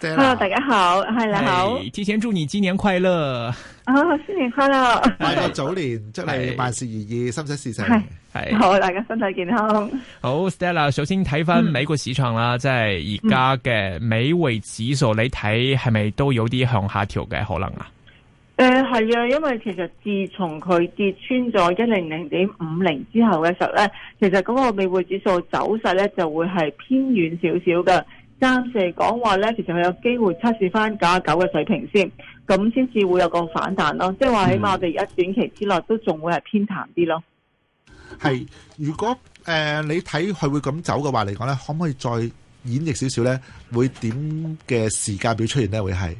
hello，大家好，係你好，提前祝你新年快樂啊！新年快樂，拜早年出嚟，萬事如意，心想事成，係係好，大家身體健康。好，Stella，首先睇翻美國市場啦，即係而家嘅美匯指數，你睇係咪都有啲向下調嘅可能啊？誒，係啊，因為其實自從佢跌穿咗一零零點五零之後嘅時候咧，其實嗰個美匯指數走勢咧就會係偏軟少少嘅。暫時嚟講話咧，其實佢有機會測試翻九十九嘅水平先，咁先至會有個反彈咯。即係話起碼我哋一短期之內都仲會係偏淡啲咯。係、嗯，如果誒、呃、你睇佢會咁走嘅話嚟講咧，可唔可以再演繹少少咧？會點嘅時間表出現咧？會係？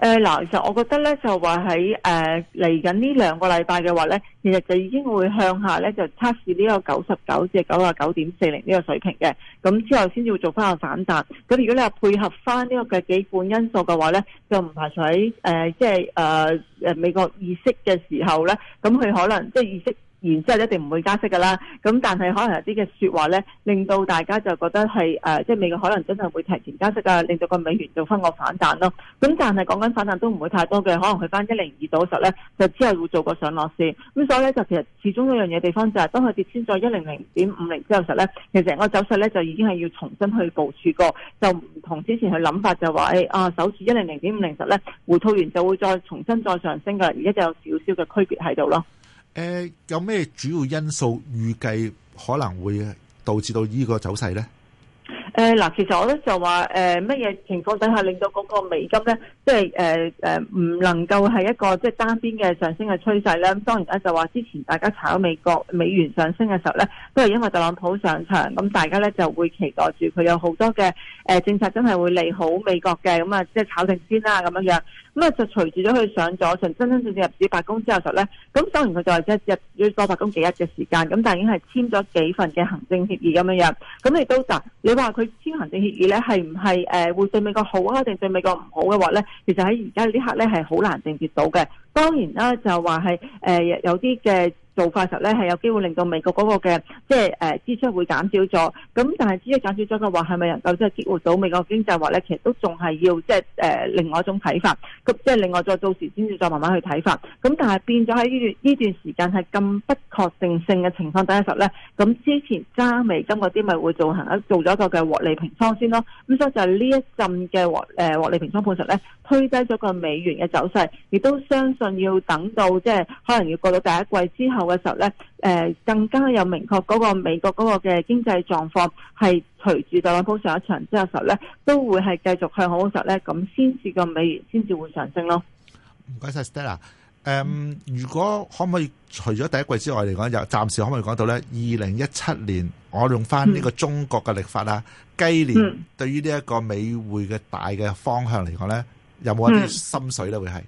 誒，嗱、呃，其實我覺得咧，就、呃、話喺誒嚟緊呢兩個禮拜嘅話咧，其實就已經會向下咧，就測試呢個九十九至九十九點四零呢個水平嘅，咁之後先至會做翻個反彈。咁如果你話配合翻呢個嘅基本因素嘅話咧，就唔排除喺，即係誒，誒、就是呃、美國意識嘅時候咧，咁佢可能即係、就是、意識。然之後一定唔會加息嘅啦，咁但係可能有啲嘅説話咧，令到大家就覺得係誒、呃，即係美國可能真係會提前加息㗎，令到個美元做翻個反彈咯。咁但係講緊反彈都唔會太多嘅，可能去翻一零二度嘅時候咧，就只係會做個上落線。咁所以咧就其實始終一樣嘢地方就係、是、當佢跌穿咗一零零點五零之後嘅時候咧，其實個走勢咧就已經係要重新去部署過，就唔同之前去諗法就話誒、哎、啊守住一零零點五零時候咧，回吐完就會再重新再上升㗎，而家就有少少嘅區別喺度咯。誒，有咩主要因素預計可能會導致到呢個走勢呢？誒，嗱，其實我咧就話，誒、呃，乜嘢情況底下令到嗰個美金呢，即係誒誒，唔、呃呃、能夠係一個即係、就是、單邊嘅上升嘅趨勢呢？咁當然咧就話之前大家炒美國美元上升嘅時候呢，都係因為特朗普上場，咁大家呢就會期待住佢有好多嘅誒、呃、政策真係會利好美國嘅，咁啊，即係炒定先啦，咁樣樣。咁啊，就隨住咗佢上咗，從真真正正入主白宮之後實咧，咁當然佢就係即係入咗白宮幾日嘅時間，咁但已經係簽咗幾份嘅行政協議咁樣樣。咁亦都嗱，你話佢簽行政協議咧，係唔係誒會對美國好啊，定對美國唔好嘅話咧？其實喺而家呢刻咧係好難定結到嘅。當然啦、啊，就話係誒有啲嘅。做法實咧，係有機會令到美國嗰個嘅即係誒支出會減少咗。咁但係支出減少咗嘅話，係咪能夠即係激活到美國經濟話咧？其實都仲係要即係誒另外一種睇法。咁即係另外再到時先至再慢慢去睇法。咁但係變咗喺呢段呢段時間係咁不確定性嘅情況底下實咧，咁之前揸美金嗰啲咪會進行一做咗一個嘅獲利平倉先咯。咁所以就係呢一陣嘅獲誒、呃、獲利平倉判決咧，推低咗個美元嘅走勢，亦都相信要等到即係、就是、可能要過到第一季之後。嘅時候咧，誒，更加有明確嗰個美國嗰個嘅經濟狀況係隨住特朗普上一場之後時候呢，時候咧都會係繼續向好嘅時候咧，咁先至個美元先至會上升咯。唔該晒 Stella。誒、嗯，如果可唔可以除咗第一季之外嚟講，就暫時可唔可以講到咧？二零一七年，我用翻呢個中國嘅曆法啊，雞、嗯、年，對於呢一個美匯嘅大嘅方向嚟講咧，有冇一啲心水咧？會係、嗯？嗯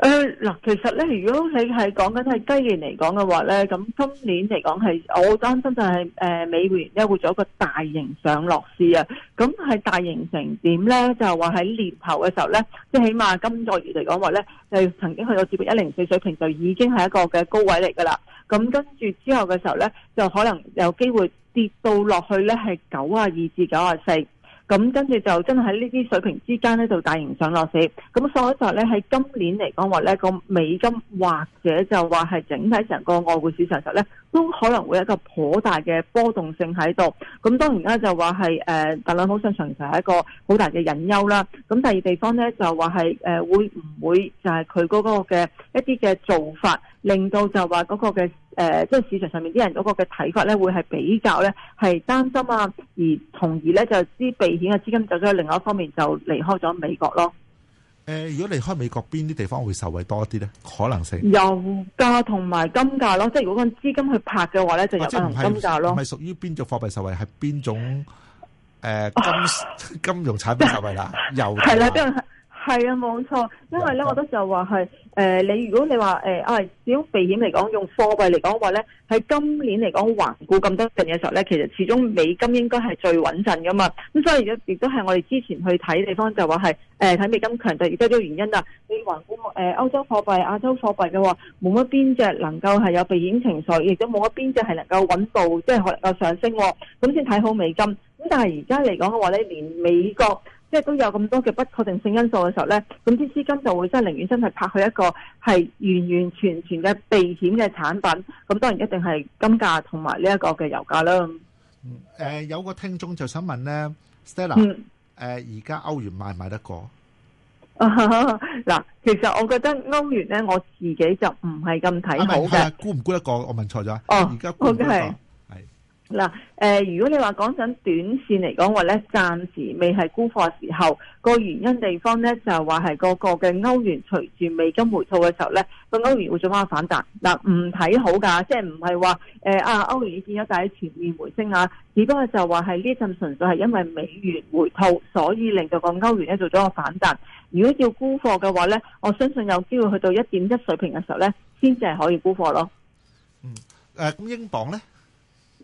誒嗱、呃，其實咧，如果你係講緊係雞年嚟講嘅話咧，咁今年嚟講係，我擔心就係、是、誒、呃、美元咧會做一個大型上落市啊。咁係大型成點咧，就話喺年頭嘅時候咧，即係起碼今個月嚟講話咧，就曾經去到接近一零四水平，就已經係一個嘅高位嚟噶啦。咁跟住之後嘅時候咧，就可能有機會跌到落去咧，係九啊二至九啊四。咁跟住就真係喺呢啲水平之間咧做大型上落市。咁所以話咧喺今年嚟講話咧個美金或者就話係整體成個外匯市場就咧，都可能會有一個頗大嘅波動性喺度，咁當然啦，就話係誒特朗普上場其實係一個好大嘅隱憂啦。咁第二地方咧就話係誒會唔會就係佢嗰個嘅一啲嘅做法，令到就話嗰個嘅誒即係市場上面啲人嗰個嘅睇法咧會係比較咧係擔心啊，而從而咧就啲、是、避險嘅資金走咗去另外一方面就離開咗美國咯。誒，如果離開美國，邊啲地方會受惠多啲咧？可能性油價，同埋金價咯，即係如果講資金去拍嘅話咧，就有可能金價咯。唔係屬於邊種貨幣受惠，係邊種誒、呃、金、啊、 金融產品受惠啦？ 油係啦，邊？係啊，冇錯，因為咧，我覺得就話係，誒、呃，你如果你話誒，啊、呃，始終避險嚟講，用貨幣嚟講嘅話咧，喺今年嚟講，環顧咁多樣嘅時候咧，其實始終美金應該係最穩陣噶嘛。咁所以而家亦都係我哋之前去睇地方就話係，誒、呃，睇美金強勢，亦都係呢個原因啦顧歐、就是、啊，你環顧誒歐洲貨幣、亞洲貨幣嘅話，冇乜邊隻能夠係有避險情緒，亦都冇乜邊隻係能夠穩固，即係能夠上升。咁先睇好美金。咁但係而家嚟講嘅話咧，連美國。即係都有咁多嘅不確定性因素嘅時候咧，咁啲資金就會真係寧願真係拍去一個係完完全全嘅避險嘅產品，咁當然一定係金價同埋呢一個嘅油價啦。誒，有個聽眾就想問咧，Stella，誒而家歐元買唔買得過？嗱、啊，其實我覺得歐元咧，我自己就唔係咁睇好啫。估唔估得過？我問錯咗。哦，而家估唔估嗱，誒、呃，如果你話講緊短線嚟講，話咧暫時未係沽貨嘅時候，個原因地方咧就係話係嗰個嘅歐元隨住美金回吐嘅時候咧，個歐元會做翻個反彈。嗱，唔睇好噶，即係唔係話誒啊，歐元已經有一啲全面回升啊，只不過就話係呢陣純粹係因為美元回吐，所以令到個歐元咧做咗個反彈。如果要沽貨嘅話咧，我相信有機會去到一點一水平嘅時候咧，先至係可以沽貨咯。嗯，誒、呃，咁英鎊咧？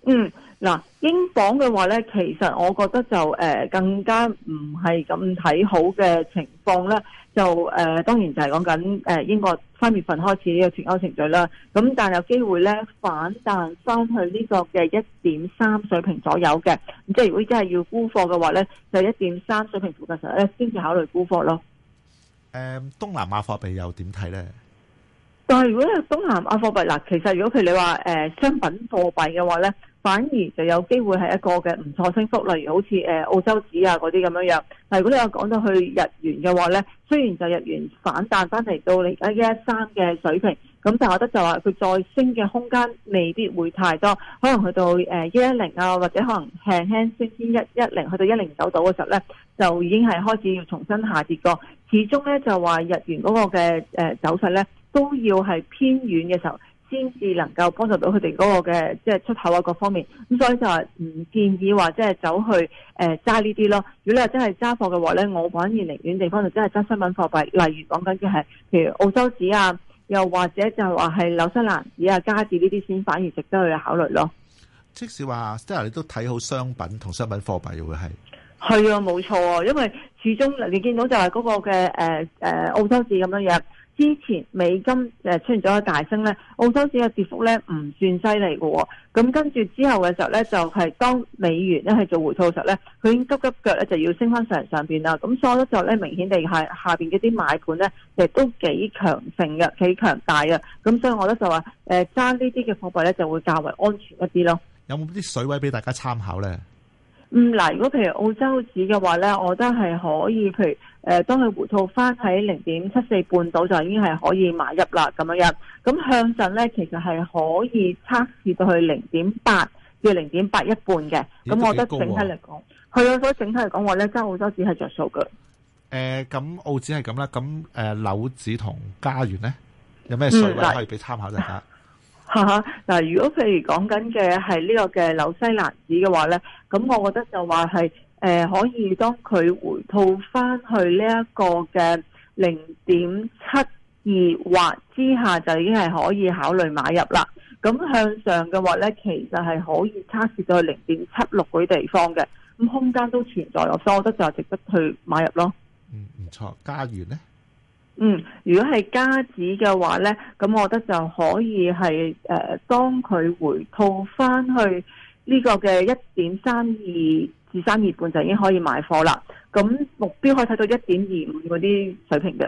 嗯，嗱，英鎊嘅話咧，其實我覺得就誒、呃、更加唔係咁睇好嘅情況咧，就誒、呃、當然就係講緊誒英國三月份開始呢個脫歐程序啦。咁但係有機會咧反彈翻去呢個嘅一點三水平左右嘅，咁即係如果真係要沽貨嘅話咧，就一點三水平附近時候咧先至考慮沽貨咯。誒、嗯，東南亞貨幣又點睇咧？但係如果係東南亞貨幣嗱，其實如果譬如你話誒、呃、商品貨幣嘅話咧。反而就有機會係一個嘅唔錯升幅，例如好似誒、呃、澳洲紙啊嗰啲咁樣樣。但如果你有講到去日元嘅話咧，雖然就日元反彈翻嚟到你而家一一三嘅水平，咁但係我覺得就話佢再升嘅空間未必會太多，可能去到誒一一零啊，或者可能輕輕升穿一一零，去到一零九度嘅時候咧，就已經係開始要重新下跌過。始終咧就話日元嗰個嘅誒走勢咧，都要係偏軟嘅時候。先至能夠幫助到佢哋嗰個嘅即係出口啊各方面，咁所以就係唔建議話即係走去誒揸呢啲咯。如果你話真係揸貨嘅話咧，我反而寧願地方就真係揸商品貨幣，例如講緊嘅係譬如澳洲紙啊，又或者就係話係紐西蘭紙啊、加字呢啲先反而值得去考慮咯。即使話即係你都睇好商品同商品貨幣會係，係啊，冇錯啊，因為始終你見到就係嗰個嘅誒誒澳洲紙咁樣樣。之前美金誒出現咗一大升咧，澳洲市嘅跌幅咧唔算犀利嘅。咁跟住之後嘅時候咧，就係當美元咧係做回吐嘅時候咧，佢已經急急腳咧就要升翻上上邊啦。咁所以咧就咧，明顯地係下邊嗰啲買盤咧亦都幾強盛嘅，幾強大嘅。咁所以我覺得就話誒揸呢啲嘅貨幣咧就會較為安全一啲咯。有冇啲水位俾大家參考咧？嗯，嗱，如果譬如澳洲指嘅話咧，我覺得係可以，譬如誒、呃，當佢回套翻喺零點七四半度就已經係可以買入啦，咁樣，咁向上咧其實係可以測試到去零點八至零點八一半嘅，咁我覺得整體嚟講，係咯，我整體嚟講話咧，揸澳洲指係着數嘅。誒、嗯，咁澳指係咁啦，咁誒，樓指同加元咧，有咩數據可以俾參考先吓？ 吓吓，嗱，如果譬如講緊嘅係呢個嘅紐西蘭紙嘅話咧，咁我覺得就話係誒可以當佢回吐翻去呢一個嘅零點七二或之下就已經係可以考慮買入啦。咁向上嘅話咧，其實係可以測試到零點七六嗰啲地方嘅，咁空間都存在咯，所以我覺得就係值得去買入咯。嗯，唔錯，加完咧。嗯，如果係加指嘅話咧，咁我覺得就可以係誒、呃，當佢回吐翻去，呢、呢個嘅一點三二至三二半就已經可以買貨啦。咁目標可以睇到一點二五嗰啲水平嘅。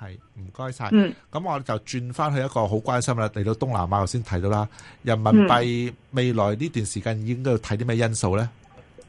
係，唔該晒。嗯，咁我就轉翻去一個好關心啦，嚟到東南亞先睇到啦，人民幣未來呢段時間已經都要睇啲咩因素咧？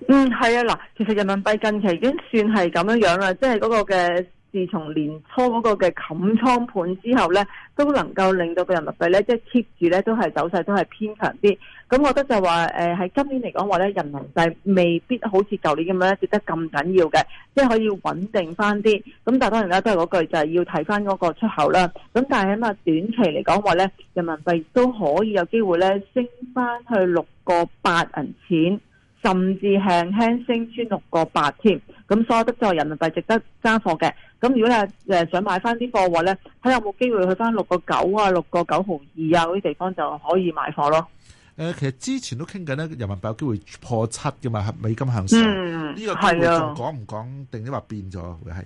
嗯，係啊，嗱，其實人民幣近期已經算係咁樣樣啦，即係嗰個嘅。自從年初嗰個嘅冚倉盤之後咧，都能夠令到個人民幣咧即係 keep 住咧，都係走勢都係偏強啲。咁我覺得就話誒喺今年嚟講話咧，人民幣未必好似舊年咁樣跌得咁緊要嘅，即係可以穩定翻啲。咁但係當然啦，都係嗰句就係、是、要睇翻嗰個出口啦。咁但係起碼短期嚟講話咧，人民幣都可以有機會咧升翻去六個八銀錢，甚至向輕，輕升穿六個八添。咁所有得就係人民幣值得揸貨嘅，咁如果咧誒想買翻啲貨嘅話咧，睇下有冇機會去翻六個九啊，六個九毫二啊嗰啲地方就可以買貨咯。誒、呃，其實之前都傾緊咧，人民幣有機會破七嘅嘛，美金向上。呢、嗯、個係啊的，講唔講定啲話變咗會係？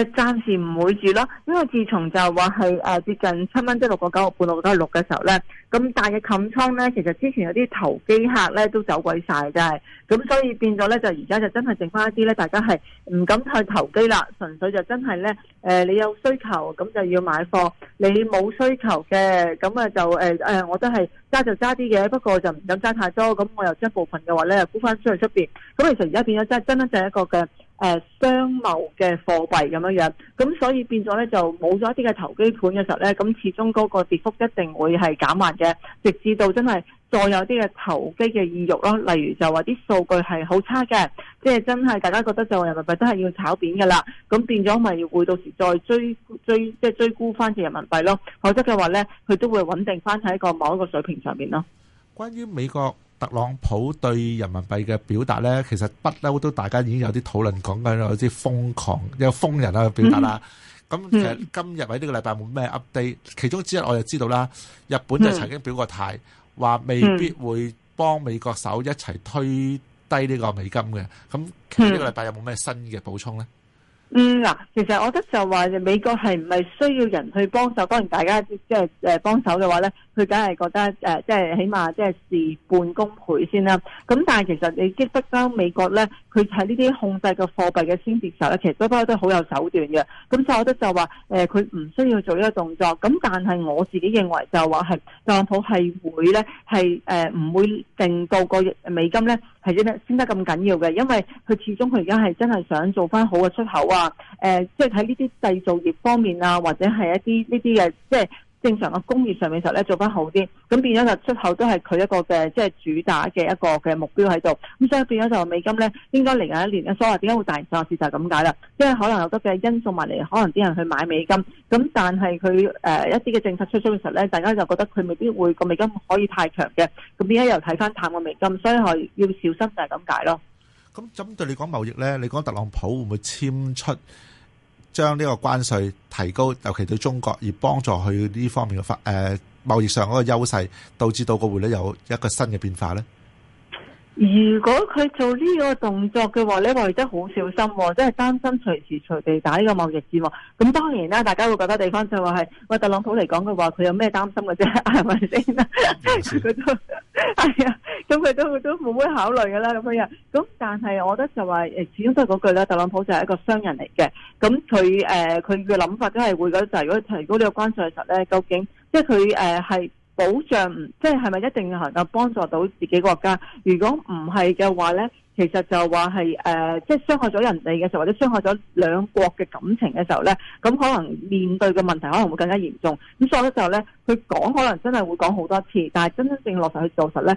誒，暫時唔會住咯，因為自從就話係誒接近七蚊即係六個九個半六加六嘅時候咧，咁大嘅冚倉咧，其實之前有啲投機客咧都走鬼晒嘅，咁所以變咗咧就而家就真係剩翻一啲咧，大家係唔敢去投機啦，純粹就真係咧誒，你有需求咁就要買貨，你冇需求嘅咁啊就誒誒、呃，我都係揸就揸啲嘅，不過就唔敢揸太多，咁我又將部分嘅話咧沽翻出去出邊，咁其實而家變咗真係真真正一個嘅。誒，商貿嘅貨幣咁樣樣。咁所以變咗咧就冇咗一啲嘅投機盤嘅時候咧，咁始終嗰個跌幅一定會係減慢嘅，直至到真係再有啲嘅投機嘅意欲咯，例如就話啲數據係好差嘅，即係真係大家覺得就人民幣都係要炒扁㗎啦，咁變咗咪會到時再追追，即係追沽翻隻人民幣咯，否則嘅話咧佢都會穩定翻喺個某一個水平上面咯。關於美國。特朗普對人民幣嘅表達咧，其實不嬲都大家已經有啲討論講緊有啲瘋狂，有瘋人喺度表達啦。咁、嗯嗯嗯、其實今日喺呢個禮拜冇咩 update，其中之一我就知道啦。日本就曾經表過態，話未必會幫美國手一齊推低呢個美金嘅。咁、嗯嗯嗯嗯嗯、其實呢個禮拜有冇咩新嘅補充咧？嗯嗱，其實我覺得就話美國係唔係需要人去幫手，當然大家即係誒幫手嘅話咧，佢梗係覺得誒即係起碼即係事半功倍先啦。咁但係其實你激得緊美國咧，佢喺呢啲控制嘅貨幣嘅先決時候咧，其實都都都好有手段嘅。咁所以我覺得就話誒佢唔需要做呢個動作。咁但係我自己認為就話係特朗普係會咧，係誒唔會定到個美金咧係先得咁緊要嘅，因為佢始終佢而家係真係想做翻好嘅出口啊。誒、呃，即係喺呢啲製造業方面啊，或者係一啲呢啲嘅，即係正常嘅工業上面時候咧，做翻好啲，咁變咗就出口都係佢一個嘅，即係主打嘅一個嘅目標喺度。咁、嗯、所以變咗就美金咧，應該嚟緊一年咧，所以話點解會突然間下跌就係咁解啦。因為可能有好多嘅因素埋嚟，可能啲人去買美金，咁但係佢誒一啲嘅政策出出嘅時候咧，大家就覺得佢未必會個美金可以太強嘅。咁而家又睇翻淡個美金，所以係要小心就係咁解咯。咁針對你講貿易咧，你講特朗普會唔會簽出將呢個關稅提高，尤其對中國而幫助佢呢方面嘅發誒貿易上嗰個優勢，導致到個匯率有一個新嘅變化咧？如果佢做呢個動作嘅話，你話佢真係好小心、哦，真係擔心隨時隨地打呢個貿易戰、哦。咁當然啦，大家會覺得地方就話、是、係，喂特朗普嚟講嘅話，佢有咩擔心嘅啫？係咪先？佢 都係啊，咁、哎、佢都都冇咩考慮噶啦咁樣。咁但係我覺得就話，誒，始終都係嗰句啦，特朗普就係一個商人嚟嘅。咁佢誒，佢嘅諗法都係會覺得，就係如果提高呢個關稅嘅時候咧，究竟即係佢誒係。保障唔即係，係咪一定要能夠幫助到自己國家？如果唔係嘅話呢，其實就話係誒，即係傷害咗人哋嘅時候，或者傷害咗兩國嘅感情嘅時候呢，咁可能面對嘅問題可能會更加嚴重。咁所以咧就呢，佢講可能真係會講好多次，但係真真正落實去做實呢，誒、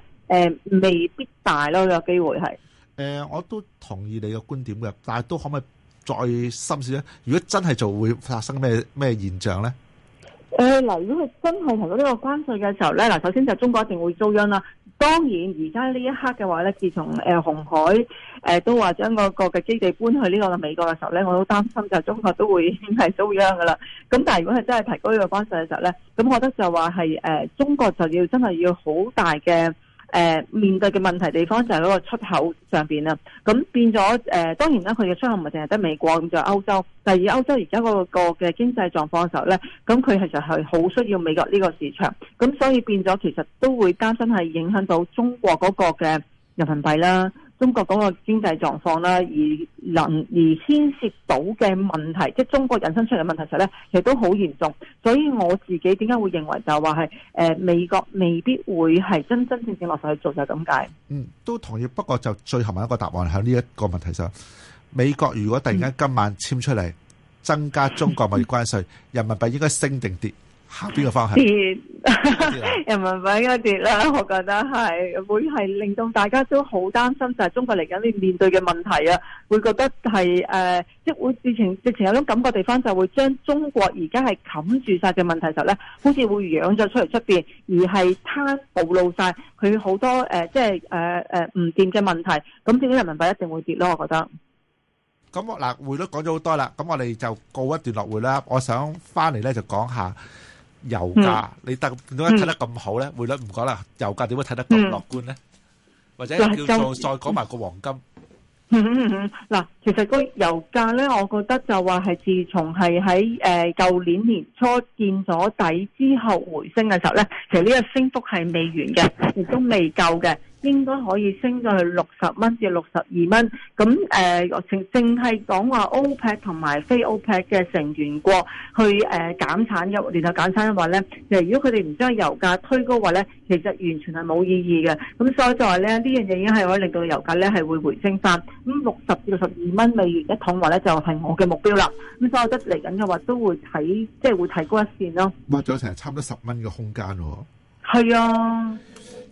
呃、未必大咯呢個機會係。誒、呃，我都同意你嘅觀點嘅，但係都可唔可以再深思咧？如果真係做，會發生咩咩現象呢？誒，嗱、呃，如果佢真係提高呢個關稅嘅時候咧，嗱，首先就中國一定會遭殃啦。當然，而家呢一刻嘅話咧，自從誒鴻海誒、呃、都話將個國嘅基地搬去呢個美國嘅時候咧，我都擔心就中國都會係遭殃噶啦。咁 但係如果係真係提高呢個關稅嘅時候咧，咁我覺得就話係誒，中國就要真係要好大嘅。誒、呃、面對嘅問題地方就係嗰個出口上邊啦，咁變咗誒、呃、當然啦，佢嘅出口唔係淨係得美國，咁就歐洲。第二、那個，以歐洲而家嗰個嘅經濟狀況嘅時候咧，咁佢其實係好需要美國呢個市場，咁所以變咗其實都會擔心係影響到中國嗰個嘅人民幣啦。中國嗰個經濟狀況啦，而能而牽涉到嘅問題，即係中國引申出嚟嘅問題，其實咧亦都好嚴重。所以我自己點解會認為就係話係誒，美國未必會係真真正正落實 magical 出 去做，就係咁解。嗯，都同意。不過就最後問一個答案喺呢一個問題上，美國如果突然間今晚簽出嚟增加中國貿易關稅，人民幣應該升定跌？下邊嘅花係人民幣嘅跌啦，我覺得係會係令到大家都好擔心。就係中國嚟緊你面對嘅問題啊，會覺得係誒、呃，即係會直情直情有種感覺地方，就會將中國而家係冚住晒嘅問題嘅時候咧，好似會養咗出嚟出邊，而係攤暴露晒佢好多誒、呃，即係誒誒唔掂嘅問題。咁點解人民幣一定會跌咧？我覺得。咁我嗱匯率講咗好多啦，咁我哋就告一段落會啦。我想翻嚟咧就講下。油價、嗯、你得點解睇得咁好咧？匯率唔講啦，油價點解睇得咁樂觀咧？嗯、或者叫做就再講埋個黃金。嗱、嗯嗯嗯，其實個油價咧，我覺得就話係自從係喺誒舊年年初見咗底之後回升嘅時候咧，其實呢個升幅係未完嘅，亦都未夠嘅。應該可以升到去六十蚊至六十二蚊。咁誒，淨淨係講話 OPEC 同埋非 OPEC 嘅成員國去誒、呃、減產嘅聯合減產嘅話咧，其實如果佢哋唔將油價推高話咧，其實完全係冇意義嘅。咁所以就咧，呢樣嘢已經係可以令到油價咧係會回升翻。咁六十至六十二蚊美元一桶話咧就係、是、我嘅目標啦。咁所以我覺得嚟緊嘅話都會睇，即係會提高一線咯。抹咗成差唔多十蚊嘅空間喎。係啊。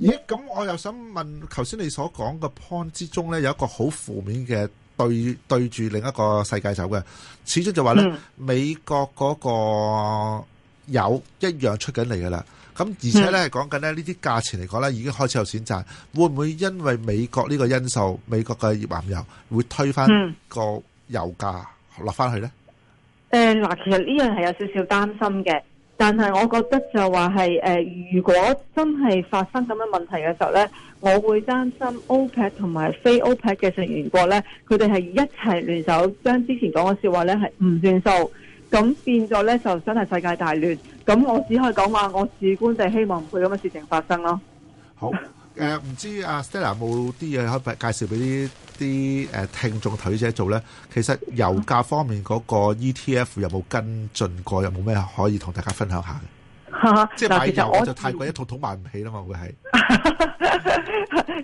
咦，咁我又想問，頭先你所講個 point 之中呢，有一個好負面嘅對對住另一個世界走嘅，始終就話呢、嗯、美國嗰個油一樣出緊嚟噶啦，咁而且呢，係講緊呢啲價錢嚟講呢已經開始有選擇，會唔會因為美國呢個因素，美國嘅頁岩油會推翻個油價落翻去呢？誒、呃，嗱、呃，其實呢樣係有少少擔心嘅。但係，我覺得就話係誒，如果真係發生咁樣問題嘅時候呢，我會擔心 OPEC 同埋非 OPEC 嘅成員國呢，佢哋係一齊聯手將之前講嘅說話呢係唔算數，咁變咗呢，就真係世界大亂。咁我只可以講話，我主觀就希望唔會咁嘅事情發生咯。好。誒，唔知阿 Stella 有冇啲嘢可以介紹俾啲啲誒聽眾睇者做咧？其實油價方面嗰個 ETF 有冇跟進過？有冇咩可以同大家分享下嘅？即係買油我就太貴，一套桶買唔起啦嘛，會係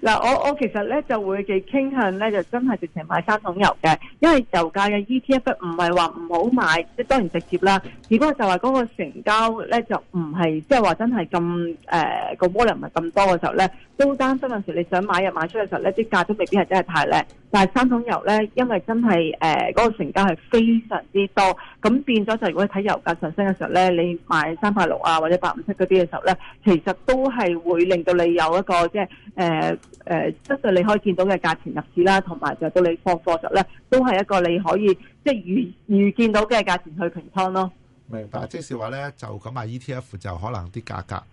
嗱，我我其實咧就會幾傾向咧，就真係直情買三桶油嘅，因為油價嘅 E T F 唔係話唔好買，即係當然直接啦。只不過就係嗰個成交咧，就唔係即係話真係咁誒個 volume 唔係咁多嘅時候咧，都擔心有陣時你想買入賣出嘅時候咧，啲價都未必係真係太靚。但係三桶油咧，因為真係誒嗰個成交係非常之多，咁變咗就如果你睇油價上升嘅時候咧，你買三塊六啊或者八五七嗰啲嘅時候咧，其實都係會令到你有一個即係誒誒，針、呃、對、呃、你可以見到嘅價錢入市啦，同埋就到你放貨時咧，都係一個你可以即係預預見到嘅價錢去平倉咯。明白，即係話咧，就咁買 ETF 就可能啲價格。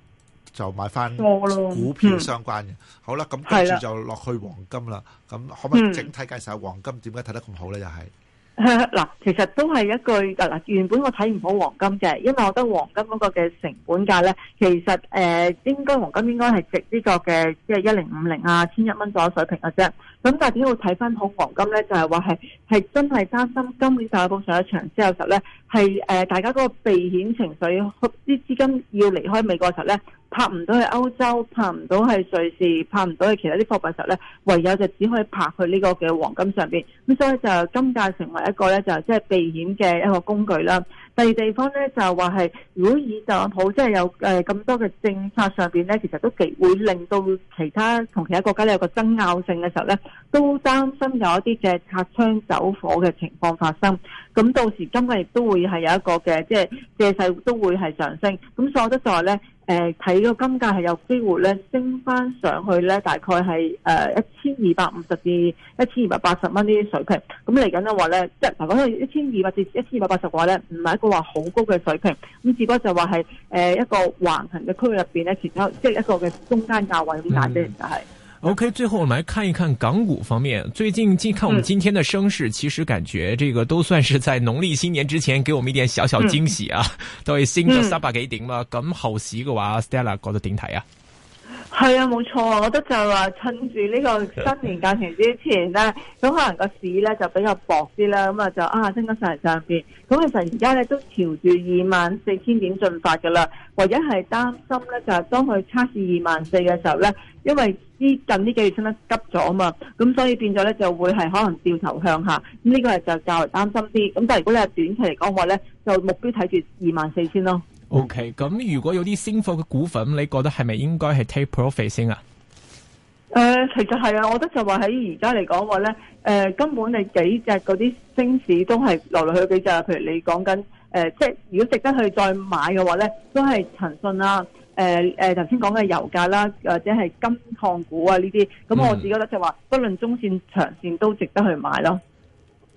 就買翻股票相關嘅、嗯、好啦，咁跟住就落去黃金啦。咁可唔可以整體介紹下黃金點解睇得咁好咧？又係嗱，其實都係一句嗱，原本我睇唔好黃金嘅，因為我覺得黃金嗰個嘅成本價咧，其實誒、呃、應該黃金應該係值呢個嘅，即係一零五零啊，千一蚊左右水平嘅啫。咁但係點解我睇翻好黃金咧？就係話係係真係擔心今年第一波上一場之後實咧，係誒、呃、大家嗰個避險情緒啲資金要離開美國嘅時候咧。拍唔到去歐洲，拍唔到去瑞士，拍唔到去其他啲貨幣嘅時候咧，唯有就只可以拍去呢個嘅黃金上邊。咁所以就金價成為一個咧就即係避險嘅一個工具啦。第二地方咧就話係，如果以特朗普即係有誒咁多嘅政策上邊咧，其實都極會令到其他同其他國家咧有個爭拗性嘅時候咧，都擔心有一啲嘅擦槍走火嘅情況發生。咁到時金價亦都會係有一個嘅即係借勢都會係上升。咁再之再咧。誒睇嗰個金價係有機會咧升翻上去咧，大概係誒一千二百五十至一千二百八十蚊呢啲水平。咁嚟緊嘅話咧，即係講到一千二百至一千二百八十嘅話咧，唔係一個話好高嘅水平。咁只不過就話係誒一個橫行嘅區域入邊咧，其他即係一個嘅中間價位咁大啫，其實、嗯嗯 OK，最後我們來看一看港股方面，最近近看我們今天的升勢、嗯，其實感覺這個都算是在農曆新年之前給我們一點小小驚喜啊，都、嗯、係 升咗、嗯、三百幾點啦咁後市嘅話，Stella 覺得點睇啊？係啊，冇錯啊，我覺得就係話趁住呢個新年假期之前咧，咁可能個市咧就比較薄啲啦，咁啊就啊升得上嚟上邊，咁其實而家咧都朝住二萬四千點進發噶啦，唯一係擔心咧就係當佢測試二萬四嘅時候咧，因為呢近呢幾個月升得急咗啊嘛，咁所以變咗咧就會係可能掉頭向下，咁呢個係就較為擔心啲，咁但係如果你係短期嚟講話咧，就目標睇住二萬四千咯。O K，咁如果有啲升貨嘅股份，你覺得係咪應該係 take profit 先啊？誒，其實係啊，我覺得就話喺而家嚟講話咧，誒、呃，根本你幾隻嗰啲升市都係嚟嚟去去幾隻，譬如你講緊誒，即係如果值得去再買嘅話咧，都係騰訊啦，誒、呃、誒，頭先講嘅油價啦、啊，或者係金礦股啊呢啲，咁我自己覺得就話不論中線、長線都值得去買咯。